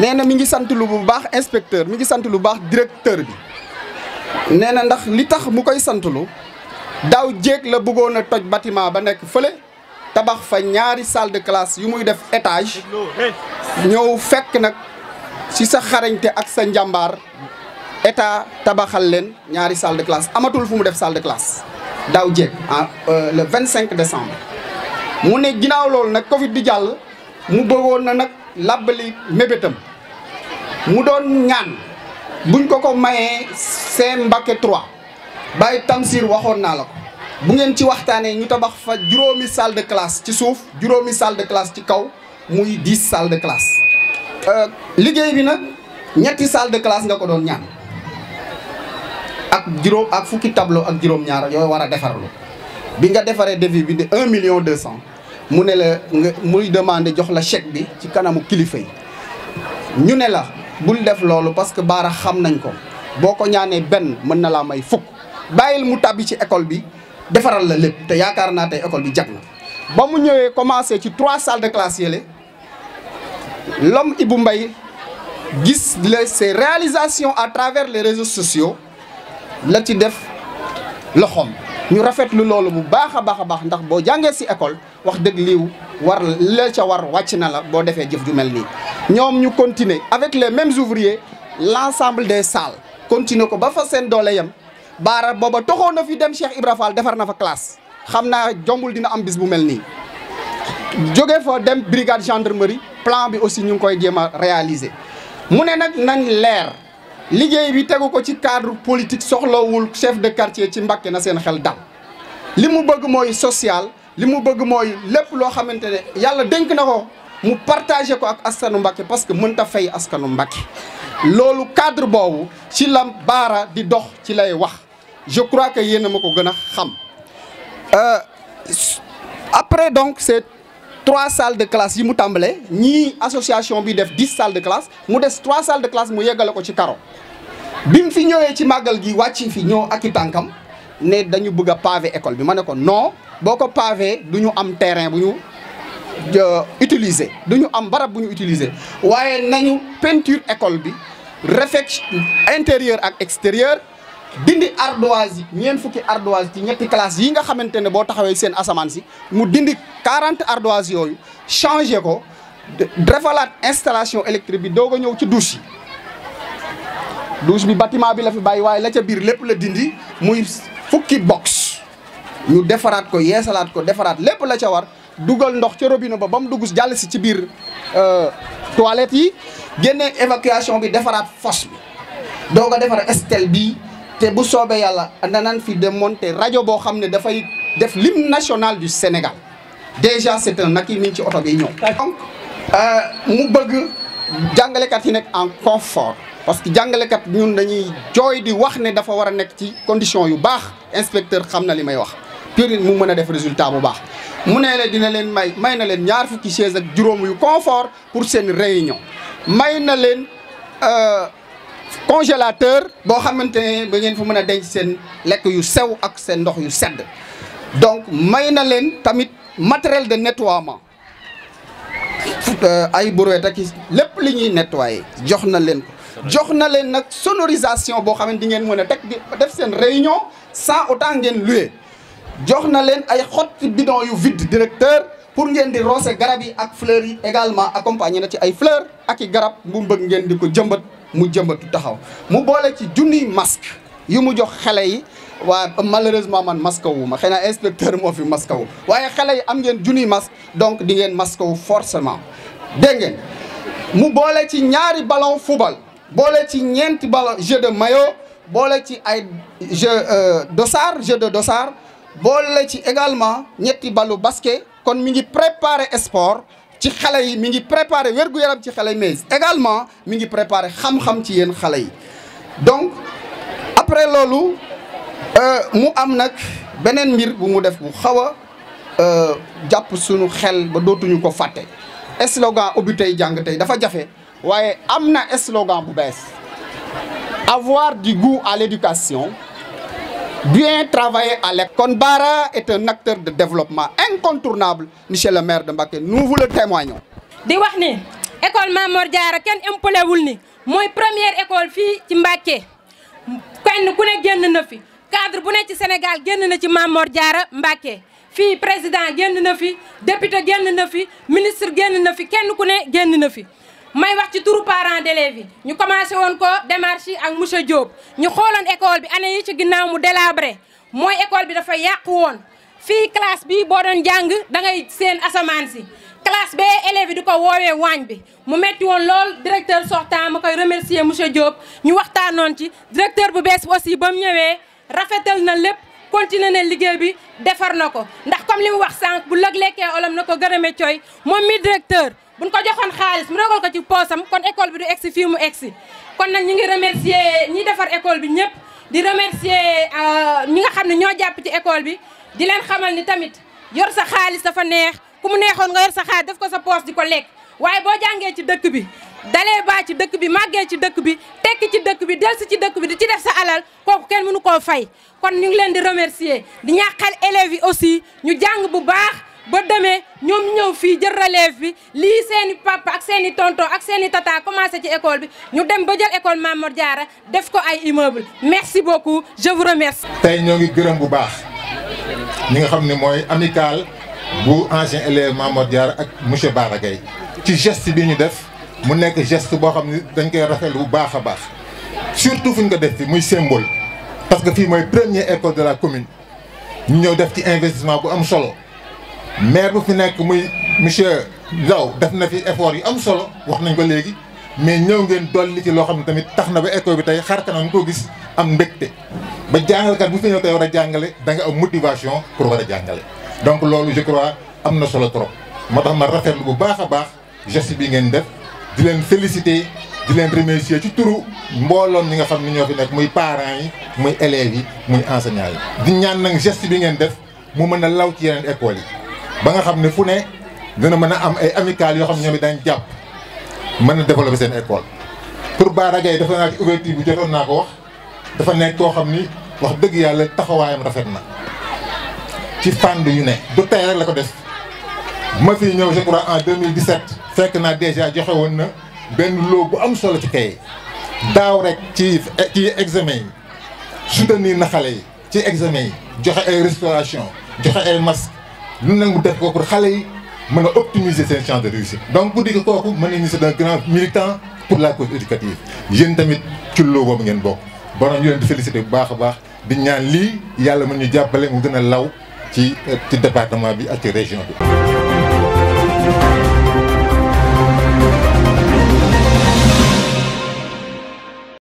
nee na mi ngi sant lu bu baax inspecteur mi ngi sant lu baax directeur bi nee na ndax li tax mu koy santlu daaw jéeg la bëggoon a toj bâtiment ba nekk fële tabax fa ñaari salle de classe yu muy def étage ñëw fekk nag ci sa xarañte ak sa njàmbaar état tabaxal leen ñaari salle de amatul fu mu def salle de classe daaw jéeg euh, le 25 décembre mu ne ginnaaw loolu nag Covid di jàll mu bëggoon na nag làbbali mébétam mu doon ñaan buñ ko ko mayee seen Mbacké 3 Baye Tamsir waxoon naa la ko bu ngeen ci waxtaanee ñu tabax fa juróomi salle de classe ci suuf juróomi salle de classe ci kaw muy 10 salle de classe. Euh, liggéey bi nag ñetti salle de classe nga ko doon ñaan ak juróom ak fukki tableau ak juróom-ñaar yooyu war a defarlu bi nga defaree devis bi de 1 million 200 mu ne la nga muy demandé jox la chèque bi ci kanamu kilifa yi ñu ne la. bul def loolu parce que baara xam nañ ko boo ko ñaanee benn mën na laa may fukk bàyyil mu tàbbi ci école bi defaral la lépp te yaakaar naa tey école bi jag na. ba mu ñëwee commencé ci trois salles de classe yële l'homme Ibou Mbaye gis la ses réalisations à travers les réseaux sociaux la ci def loxoom. ñu rafetlu loolu bu baax a baax a baax ndax boo jàngee si école wax dëgg liiw war la ca war wàcc na la boo defee jëf ju mel nii. ñoom ñu continuer avec les mêmes ouvriers l'ensemble des salles continuer ko ba fa seen doole yem baara booba toxoon na fi dem Cheikh Ibra Fall defar na fa classe xam naa jombul dina am bis bu mel nii. jóge fa dem brigade gendarmerie plan bi aussi ñu ngi koy jéem a réaliser mu ne nag nañ leer. liggéey bi tegu ko ci cadre politique soxlawul chef de quartier ci Mbacké na seen xel dal li mu bëgg mooy social li mu bëgg mooy lépp loo xamante ne yàlla dénk na ko mu partagé ko ak askanu Mbacké parce que mënta fay askanu Mbacké loolu cadre boobu ci la baara di dox ci lay wax je crois que yéen ma ko gën a xam euh, après donc c'est trois salles de classe yi mu tàmbale ñii association bi def dix salles de classe mu des trois salles de classe mu yeggale ko ci karo bi mu fi ñëwee ci màggal gi wàcc fi ñoo ak i tànkam ne dañu bëgg a pavé école bi ma ne ko non boo ko pavé du ñu am terrain bu ñu utiliser du ñu am barab bu ñu utiliser waaye nañu peinture école bi réfect intérieur ak extérieur dindi ardoise yi ñeent fukki ardoise ci ñetti classe yi nga xamante ne boo taxawee seen asamaan si mu dindi 40 ardoise yooyu changé ko defalaat installation électrique bi doog a ñëw ci douche yi douche bi bâtiment bi la fi bàyyi waaye la ca biir lépp la dindi muy fukki box ñu defaraat ko yeesalaat ko defaraat lépp la ca war dugal ndox ca robine ba ba mu dugg jàll si ci biir euh, toilette yi génne évacuation bi defaraat fosse bi doog a defar stèle bi te bu soobee yàlla danan fi démonter rajo boo xam ne dafay def lim national du Sénégal déjà c'est un nag yi mi ci oto bi ñëw donc euh, mu bëgg jàngalekat yi nekk en confort parce que jàngalekat ñun dañuy jooy di wax ne dafa war a nekk ci condition yu baax inspecteur xam na li may wax purine mu mën a def résultat bu baax mu ne leen dina leen may may na leen ñaar fukki chaise ak juróom yu confort pour seen réunion may na leen euh, congélateur boo xamante ne ba ngeen fa mën a denc seen lekk yu sew ak seen ndox yu sedd donc may na leen tamit matériel de nettoiement euh, ay brouette ak lépp li ñuy nettoyer jox na leen ko jox na leen nag sonorisation boo xam ne di ngeen mën a teg di def seen réunion sans autant ngeen loué jox na leen ay xotti bidon yu vide directeur pour ngeen di rose garab yi ak fleur yi également accompagné na ci ay fleurs ak i garab mu bëgg ngeen di ko jëmbat mu jëmbatu taxaw mu boole ci junniy masque yu mu jox xale yi waaye malheureusement man masque wu ma xëy na inspecteur moo fi masque waaye xale yi am ngeen junniy masque donc di ngeen masque wu forcément dégg mu boole ci ñaari ballon football boole ci ñeenti ballon jeu de mayo boole ci ay de euh, dossard jeu de dosar boole ci également ñetti ballu basket kon mi ngi préparer sport ci xale yi mi ngi préparer wér-gu-yaram ci xale yi mais également mi ngi préparer xam-xam ci yéen xale yi donc après loolu euh, mu am nag beneen mbir bu mu def mu xaw a euh, jàpp sunu xel ba dootuñu ko fàtte slogan ubbi tey jàng tey dafa jafe waaye am na slogan bu bees avoir du goût à l'éducation bien travailler à l'école kon Bara est de développement incontournable monsieur le maire de Mbacké nous vous le témoignons di wax ni école Mame Mor Diarra kenn impolewul ni mooy première école fii ci Mbacké kenn ku ne génn na fi cadre bu ne ci Sénégal génn na ci Mame Mor Diarra fii président génn na fi député génn na fi ministre génn na fi kenn ku ne génn na fi may wax ci turu parent d'élèves yi ñu commencé woon ko démarche yi ak monsieur Diop ñu xooloon école bi année yi ci ginnaaw mu délabré mooy école bi dafa yàqu woon fii classe bi boo doon jàng dangay ngay seen asamaan si classe bee élèves yi di ko woowee waañ bi mu metti woon lool directeur sortant ma koy remercier monsieur Diop ñu waxtaanoon ci directeur bu bees bi aussi ba mu ñëwee rafetal na lépp continué na liggéey bi defar na ko ndax comme li mu wax sànq bu lëg lekkee olam na ko gërëme coy moom mi directeur bu buñ ko joxoon xaalis mu ragal ko ci poosam kon école bi du egsi fii mu egsi kon nag ñi ngi remercier ñi defar école bi ñëpp di remercier euh, ñi nga xam ne ñoo jàpp ci école bi di leen xamal ni tamit yor sa xaalis dafa neex ku mu neexoon nga yor sa xaalis def ko sa poos di ko lekk waaye boo jàngee ci dëkk bi dalee baa ci dëkk bi màggee ci dëkk bi tekki ci dëkk bi delsi ci dëkk bi di ci def sa alal kooku kenn mënu koo fay kon ñu ngi leen di remercier di ñaaxal élèves yi aussi ñu jàng bu baax ba demee ñoom ñëw fii jël relève bi lii seen i papa ak seen i tonton ak seen i tata ci école bi ñu dem ba jël école Mamor Diarra def ko ay immeuble merci beaucoup je vous remercie. tey ñoo ngi gërëm bu baax ñi nga xam ne mooy amicale bu ancien élève Mamor Diarra ak monsieur Bara Gaye ci geste bi ñu def mu nekk geste boo xam ni dañ koy rafetlu bu baax a baax surtout fu ñu ko def fi muy symbole parce que fii mooy première école de la commune ñu ñëw def ci investissement bu am solo. maire bu fi nekk muy monsieur Diaw def na fi effort yi am solo wax nañ ko léegi mais ñëw ngeen dolli ci loo xam ne tamit tax na ba école bi tey na kanam koo gis am mbégte ba jàngalkat bu fi ñëw tey war a jàngale da nga am motivation pour war a jàngale donc loolu je crois am na solo trop moo tax ma lu bu baax a baax geste bi ngeen def di leen féliciter di leen remercier ci turu mbooloon ni nga xam ni ñoo fi nekk muy parents yi muy élèves yi muy enseignants yi di ñaan nag geste bi ngeen def mu mën a law ci yeneen yi ba nga xam ne fu ne dina mën a am ay amicales yoo xam ne ñoom it dañ jàpp mën a développer seen école pour Bara Gaye dafa naa ci ouverture bi jotoon naa ko wax dafa nekk koo xam ni wax dëgg yàlla taxawaayam rafet na ci fànn yu ne du tey rek la ko des ma fi ñëw je crois en 2017 fekk naa déjà joxe woon na benn loo bu am solo ci kay daaw rek ci ci examen yi soutenir na xale yi ci examen yi joxe ay restauration joxe ay masque lu nangu def ko pour xale yi mën a optimiser seen chance de réussite. donc bu dee kooku mën nañu c'est un grand militant pour la cause éducative yéen tamit ci loolu boobu ngeen bokk borom ñu leen di féliciter bu baax a baax di ñaan lii yàlla mën ñu jàppale mu gën a law ci euh, ci département bi ak ci région bi.